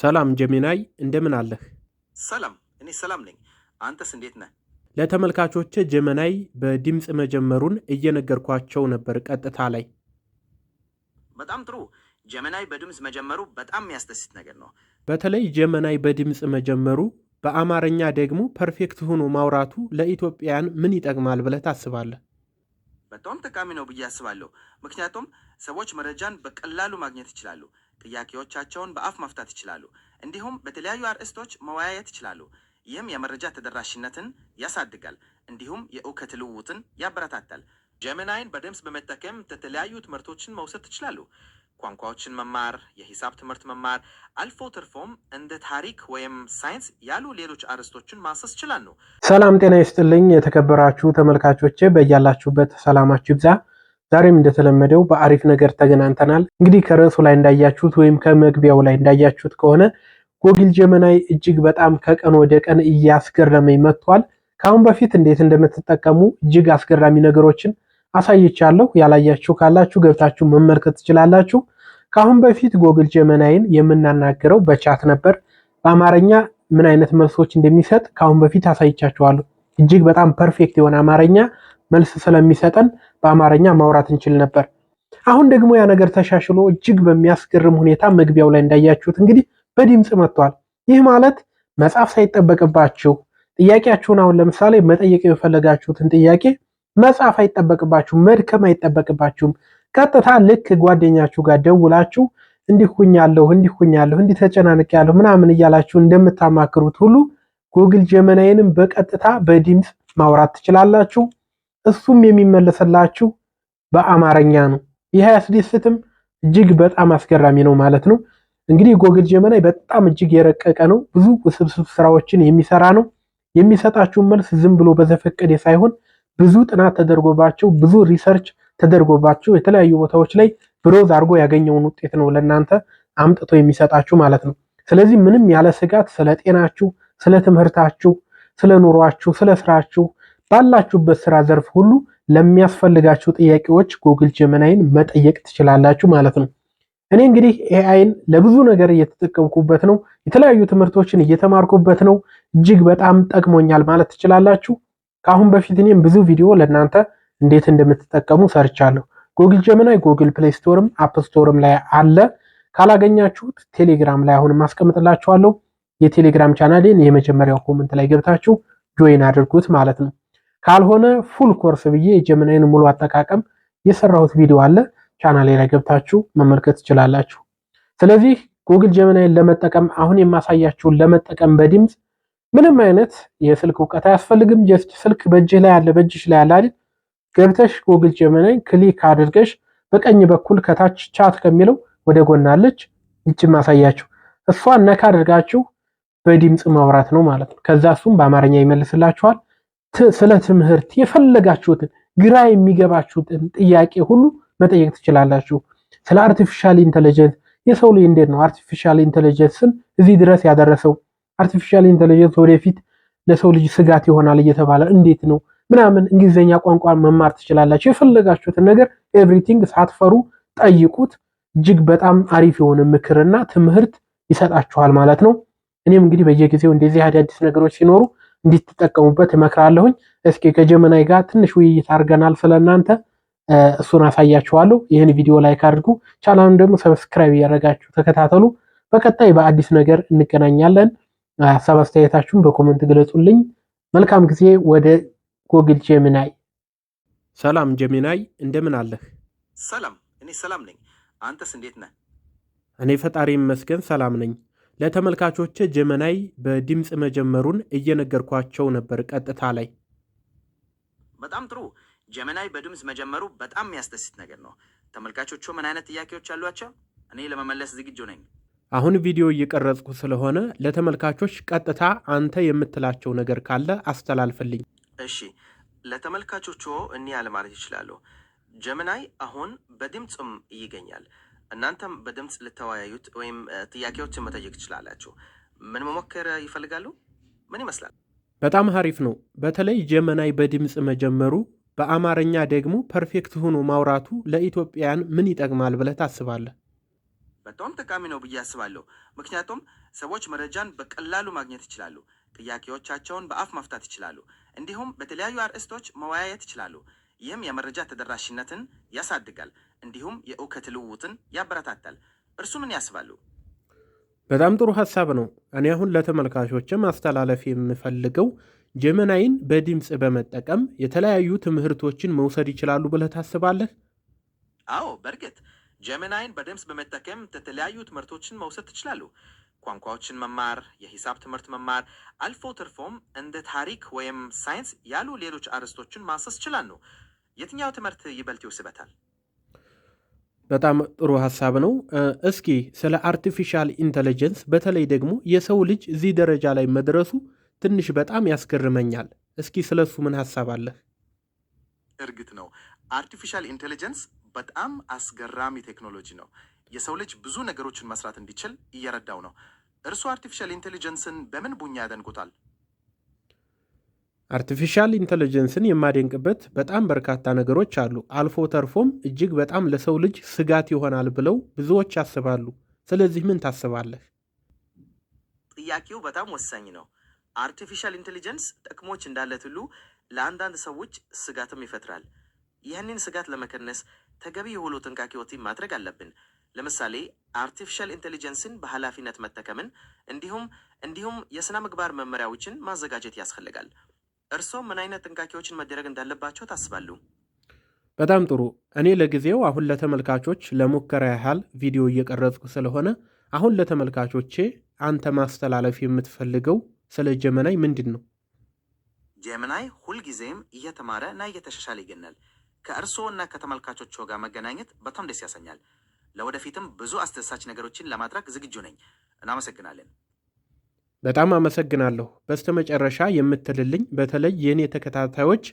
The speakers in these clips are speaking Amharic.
ሰላም ጀሚናይ እንደምን አለህ? ሰላም፣ እኔ ሰላም ነኝ። አንተስ እንዴት ነህ? ለተመልካቾች ጀመናይ በድምፅ መጀመሩን እየነገርኳቸው ነበር። ቀጥታ ላይ በጣም ጥሩ። ጀመናይ በድምፅ መጀመሩ በጣም የሚያስደስት ነገር ነው። በተለይ ጀመናይ በድምፅ መጀመሩ፣ በአማርኛ ደግሞ ፐርፌክት ሆኖ ማውራቱ ለኢትዮጵያን ምን ይጠቅማል ብለህ ታስባለህ? በጣም ጠቃሚ ነው ብዬ አስባለሁ። ምክንያቱም ሰዎች መረጃን በቀላሉ ማግኘት ይችላሉ። ጥያቄዎቻቸውን በአፍ ማፍታት ይችላሉ። እንዲሁም በተለያዩ አርዕስቶች መወያየት ይችላሉ። ይህም የመረጃ ተደራሽነትን ያሳድጋል፣ እንዲሁም የእውከት ልውውጥን ያበረታታል። ጀሚናይን በድምፅ በመጠቀም የተለያዩ ትምህርቶችን መውሰድ ትችላሉ። ቋንቋዎችን መማር፣ የሂሳብ ትምህርት መማር፣ አልፎ ተርፎም እንደ ታሪክ ወይም ሳይንስ ያሉ ሌሎች አርዕስቶችን ማሰስ ይችላሉ። ሰላም ጤና ይስጥልኝ የተከበራችሁ ተመልካቾቼ፣ በያላችሁበት ሰላማችሁ ይብዛ። ዛሬም እንደተለመደው በአሪፍ ነገር ተገናኝተናል። እንግዲህ ከርዕሱ ላይ እንዳያችሁት ወይም ከመግቢያው ላይ እንዳያችሁት ከሆነ ጎግል ጀመናይ እጅግ በጣም ከቀን ወደ ቀን እያስገረመኝ መጥቷል። ከአሁን በፊት እንዴት እንደምትጠቀሙ እጅግ አስገራሚ ነገሮችን አሳይቻለሁ። ያላያችሁ ካላችሁ ገብታችሁ መመልከት ትችላላችሁ። ከአሁን በፊት ጎግል ጀመናይን የምናናገረው በቻት ነበር። በአማርኛ ምን አይነት መልሶች እንደሚሰጥ ከአሁን በፊት አሳይቻችኋለሁ። እጅግ በጣም ፐርፌክት የሆነ አማርኛ መልስ ስለሚሰጠን በአማርኛ ማውራት እንችል ነበር። አሁን ደግሞ ያ ነገር ተሻሽሎ እጅግ በሚያስገርም ሁኔታ መግቢያው ላይ እንዳያችሁት እንግዲህ በድምፅ መጥቷል። ይህ ማለት መጻፍ ሳይጠበቅባችሁ ጥያቄያችሁን አሁን ለምሳሌ መጠየቅ የፈለጋችሁትን ጥያቄ መጻፍ አይጠበቅባችሁም፣ መድከም አይጠበቅባችሁም። ቀጥታ ልክ ጓደኛችሁ ጋር ደውላችሁ እንዲሁኛለሁ እንዲሁኛለሁ እንዲተጨናንቄያለሁ ምናምን እያላችሁ እንደምታማክሩት ሁሉ ጉግል ጀመናይንም በቀጥታ በድምፅ ማውራት ትችላላችሁ። እሱም የሚመለስላችሁ በአማርኛ ነው። ይህ ያስደስትም እጅግ በጣም አስገራሚ ነው ማለት ነው። እንግዲህ ጎግል ጀመናይ በጣም እጅግ የረቀቀ ነው። ብዙ ውስብስብ ስራዎችን የሚሰራ ነው። የሚሰጣችሁን መልስ ዝም ብሎ በዘፈቀደ ሳይሆን ብዙ ጥናት ተደርጎባቸው፣ ብዙ ሪሰርች ተደርጎባቸው የተለያዩ ቦታዎች ላይ ብሮዝ አድርጎ ያገኘውን ውጤት ነው ለእናንተ አምጥቶ የሚሰጣችሁ ማለት ነው። ስለዚህ ምንም ያለ ስጋት ስለ ጤናችሁ፣ ስለ ትምህርታችሁ፣ ስለ ኑሯችሁ፣ ስለ ስራችሁ ባላችሁበት ስራ ዘርፍ ሁሉ ለሚያስፈልጋችሁ ጥያቄዎች ጉግል ጀመናይን መጠየቅ ትችላላችሁ ማለት ነው። እኔ እንግዲህ ኤአይን ለብዙ ነገር እየተጠቀምኩበት ነው። የተለያዩ ትምህርቶችን እየተማርኩበት ነው። እጅግ በጣም ጠቅሞኛል ማለት ትችላላችሁ። ከአሁን በፊት እኔም ብዙ ቪዲዮ ለእናንተ እንዴት እንደምትጠቀሙ ሰርቻለሁ። ጉግል ጀመናይ ጉግል ፕሌይ ስቶርም አፕ ስቶርም ላይ አለ። ካላገኛችሁት ቴሌግራም ላይ አሁንም አስቀምጥላችኋለሁ። የቴሌግራም ቻናሌን የመጀመሪያው ኮመንት ላይ ገብታችሁ ጆይን አድርጉት ማለት ነው። ካልሆነ ፉል ኮርስ ብዬ የጀመናይን ሙሉ አጠቃቀም የሰራሁት ቪዲዮ አለ ቻናሌ ላይ ገብታችሁ መመልከት ትችላላችሁ። ስለዚህ ጉግል ጀመናይን ለመጠቀም አሁን የማሳያችሁን ለመጠቀም በድምፅ ምንም አይነት የስልክ እውቀት አያስፈልግም። ጀስት ስልክ በእጅህ ላይ አለ በእጅሽ ላይ አለ አይደል? ገብተሽ ጉግል ጀመናይን ክሊክ አድርገሽ በቀኝ በኩል ከታች ቻት ከሚለው ወደ ጎን አለች ይቺ ማሳያችሁ፣ እሷን ነካ አድርጋችሁ በድምፅ ማውራት ነው ማለት ነው። ከዛ እሱም በአማርኛ ይመልስላችኋል። ስለ ትምህርት የፈለጋችሁትን ግራ የሚገባችሁትን ጥያቄ ሁሉ መጠየቅ ትችላላችሁ። ስለ አርቲፊሻል ኢንተለጀንስ የሰው ልጅ እንዴት ነው አርቲፊሻል ኢንተለጀንስን እዚህ ድረስ ያደረሰው? አርቲፊሻል ኢንተለጀንስ ወደፊት ለሰው ልጅ ስጋት ይሆናል እየተባለ እንዴት ነው ምናምን እንግሊዝኛ ቋንቋ መማር ትችላላችሁ። የፈለጋችሁትን ነገር ኤቭሪቲንግ ሳትፈሩ ጠይቁት። እጅግ በጣም አሪፍ የሆነ ምክርና ትምህርት ይሰጣችኋል ማለት ነው። እኔም እንግዲህ በየጊዜው እንደዚህ አዳዲስ ነገሮች ሲኖሩ እንድትጠቀሙበት እመክራለሁኝ። እስኪ ከጀመናይ ጋር ትንሽ ውይይት አድርገናል ስለናንተ እሱን አሳያችኋለሁ። ይህን ቪዲዮ ላይክ አድርጉ፣ ቻናሉን ደግሞ ሰብስክራይብ እያደረጋችሁ ተከታተሉ። በቀጣይ በአዲስ ነገር እንገናኛለን። ሀሳብ አስተያየታችሁን በኮመንት ግለጹልኝ። መልካም ጊዜ። ወደ ጎግል ጀሚናይ። ሰላም ጀሚናይ፣ እንደምን አለህ? ሰላም፣ እኔ ሰላም ነኝ። አንተስ እንዴት ነህ? እኔ ፈጣሪ ይመስገን ሰላም ነኝ። ለተመልካቾች ጀመናይ በድምፅ መጀመሩን እየነገርኳቸው ነበር ቀጥታ ላይ። በጣም ጥሩ ጀመናይ በድምፅ መጀመሩ በጣም የሚያስደስት ነገር ነው። ተመልካቾቹ ምን አይነት ጥያቄዎች አሏቸው? እኔ ለመመለስ ዝግጁ ነኝ። አሁን ቪዲዮ እየቀረጽኩ ስለሆነ ለተመልካቾች ቀጥታ አንተ የምትላቸው ነገር ካለ አስተላልፍልኝ። እሺ፣ ለተመልካቾቹ እኒህ ያለ ማለት ይችላሉ። ጀመናይ አሁን በድምፅም ይገኛል እናንተም በድምፅ ልተወያዩት ወይም ጥያቄዎችን መጠየቅ ትችላላችሁ። ምን መሞከር ይፈልጋሉ? ምን ይመስላል? በጣም ሀሪፍ ነው። በተለይ ጀመናይ በድምፅ መጀመሩ በአማርኛ ደግሞ ፐርፌክት ሆኖ ማውራቱ ለኢትዮጵያን ምን ይጠቅማል ብለህ ታስባለህ? በጣም ጠቃሚ ነው ብዬ አስባለሁ። ምክንያቱም ሰዎች መረጃን በቀላሉ ማግኘት ይችላሉ፣ ጥያቄዎቻቸውን በአፍ ማፍታት ይችላሉ፣ እንዲሁም በተለያዩ አርዕስቶች መወያየት ይችላሉ። ይህም የመረጃ ተደራሽነትን ያሳድጋል፣ እንዲሁም የእውከት ልውውጥን ያበረታታል። እርሱ ምን ያስባሉ? በጣም ጥሩ ሀሳብ ነው። እኔ አሁን ለተመልካቾች ማስተላለፍ የምፈልገው ጀመናይን በድምፅ በመጠቀም የተለያዩ ትምህርቶችን መውሰድ ይችላሉ ብለህ ታስባለህ? አዎ፣ በእርግጥ ጀመናይን በድምፅ በመጠቀም የተለያዩ ትምህርቶችን መውሰድ ትችላሉ። ቋንቋዎችን መማር፣ የሂሳብ ትምህርት መማር፣ አልፎ ተርፎም እንደ ታሪክ ወይም ሳይንስ ያሉ ሌሎች አርዕስቶችን ማሰስ ነው። የትኛው ትምህርት ይበልጥ ይወስበታል? በጣም ጥሩ ሀሳብ ነው። እስኪ ስለ አርቲፊሻል ኢንተለጀንስ በተለይ ደግሞ የሰው ልጅ እዚህ ደረጃ ላይ መድረሱ ትንሽ በጣም ያስገርመኛል። እስኪ ስለ እሱ ምን ሀሳብ አለህ? እርግጥ ነው አርቲፊሻል ኢንቴሊጀንስ በጣም አስገራሚ ቴክኖሎጂ ነው። የሰው ልጅ ብዙ ነገሮችን መስራት እንዲችል እየረዳው ነው። እርሱ አርቲፊሻል ኢንቴሊጀንስን በምን ቡኛ ያደንቁታል? አርቲፊሻል ኢንቴሊጀንስን የማደንቅበት በጣም በርካታ ነገሮች አሉ። አልፎ ተርፎም እጅግ በጣም ለሰው ልጅ ስጋት ይሆናል ብለው ብዙዎች ያስባሉ። ስለዚህ ምን ታስባለህ? ጥያቄው በጣም ወሳኝ ነው። አርቲፊሻል ኢንቴሊጀንስ ጥቅሞች እንዳለት ሁሉ ለአንዳንድ ሰዎች ስጋትም ይፈጥራል። ይህንን ስጋት ለመቀነስ ተገቢ የሆኑ ጥንቃቄዎችን ማድረግ አለብን። ለምሳሌ አርቲፊሻል ኢንቴሊጀንስን በኃላፊነት መጠቀምን እንዲሁም እንዲሁም የስነ ምግባር መመሪያዎችን ማዘጋጀት ያስፈልጋል። እርስዎ ምን አይነት ጥንቃቄዎችን መደረግ እንዳለባቸው ታስባሉ? በጣም ጥሩ። እኔ ለጊዜው አሁን ለተመልካቾች ለሙከራ ያህል ቪዲዮ እየቀረጽኩ ስለሆነ አሁን ለተመልካቾቼ አንተ ማስተላለፍ የምትፈልገው ስለ ጀመናይ ምንድን ነው? ጀመናይ ሁልጊዜም እየተማረ እና እየተሻሻለ ይገናል። ከእርስዎ እና ከተመልካቾች ጋር መገናኘት በጣም ደስ ያሰኛል። ለወደፊትም ብዙ አስደሳች ነገሮችን ለማድረግ ዝግጁ ነኝ። እናመሰግናለን። በጣም አመሰግናለሁ። በስተመጨረሻ የምትልልኝ በተለይ የእኔ ተከታታዮች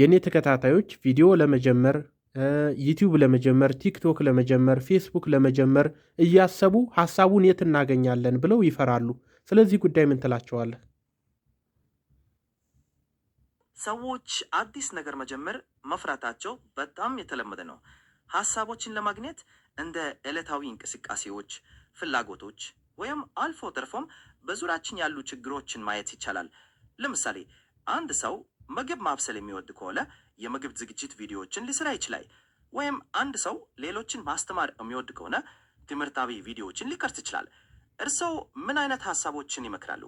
የእኔ ተከታታዮች ቪዲዮ ለመጀመር ዩቲዩብ ለመጀመር ቲክቶክ ለመጀመር ፌስቡክ ለመጀመር እያሰቡ ሀሳቡን የት እናገኛለን ብለው ይፈራሉ። ስለዚህ ጉዳይ ምን ትላቸዋለህ? ሰዎች አዲስ ነገር መጀመር መፍራታቸው በጣም የተለመደ ነው። ሀሳቦችን ለማግኘት እንደ ዕለታዊ እንቅስቃሴዎች፣ ፍላጎቶች ወይም አልፎ ተርፎም በዙሪያችን ያሉ ችግሮችን ማየት ይቻላል። ለምሳሌ አንድ ሰው ምግብ ማብሰል የሚወድ ከሆነ የምግብ ዝግጅት ቪዲዮዎችን ሊሰራ ይችላል። ወይም አንድ ሰው ሌሎችን ማስተማር የሚወድ ከሆነ ትምህርታዊ ቪዲዮዎችን ሊቀርጽ ይችላል። እርስዎ ምን አይነት ሀሳቦችን ይመክራሉ?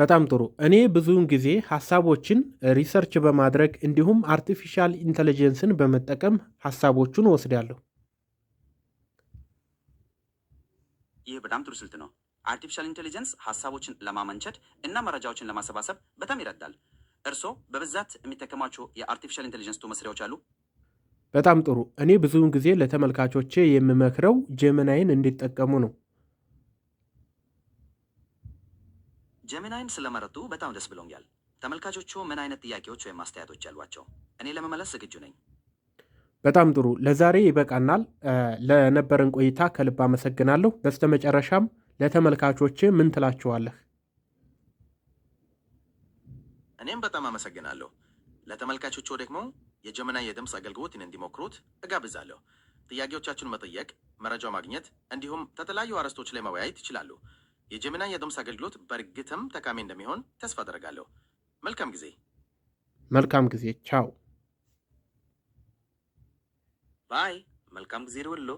በጣም ጥሩ። እኔ ብዙውን ጊዜ ሀሳቦችን ሪሰርች በማድረግ እንዲሁም አርቲፊሻል ኢንተለጀንስን በመጠቀም ሀሳቦቹን ወስዳለሁ። ይህ በጣም ጥሩ ስልት ነው። አርቲፊሻል ኢንቴሊጀንስ ሀሳቦችን ለማመንቸት እና መረጃዎችን ለማሰባሰብ በጣም ይረዳል። እርስዎ በብዛት የሚጠቀሟቸው የአርቲፊሻል ኢንቴሊጀንስ መስሪያዎች አሉ? በጣም ጥሩ። እኔ ብዙውን ጊዜ ለተመልካቾቼ የምመክረው ጀመናይን እንዲጠቀሙ ነው። ጀሚናይን ስለመረጡ በጣም ደስ ብሎኛል። ተመልካቾቹ ምን አይነት ጥያቄዎች ወይም አስተያየቶች ያሏቸው? እኔ ለመመለስ ዝግጁ ነኝ። በጣም ጥሩ። ለዛሬ ይበቃናል። ለነበረን ቆይታ ከልብ አመሰግናለሁ። በስተመጨረሻም ለተመልካቾች ምን ትላችኋለህ? እኔም በጣም አመሰግናለሁ። ለተመልካቾቹ ደግሞ የጀመናይ የድምፅ አገልግሎትን እንዲሞክሩት እጋብዛለሁ። ጥያቄዎቻችሁን መጠየቅ፣ መረጃ ማግኘት እንዲሁም ከተለያዩ አርዕስቶች ላይ መወያየት ይችላሉ። የጀሚና የድምፅ አገልግሎት በእርግጥም ጠቃሚ እንደሚሆን ተስፋ አደርጋለሁ። መልካም ጊዜ። መልካም ጊዜ። ቻው ባይ። መልካም ጊዜ ደውሎ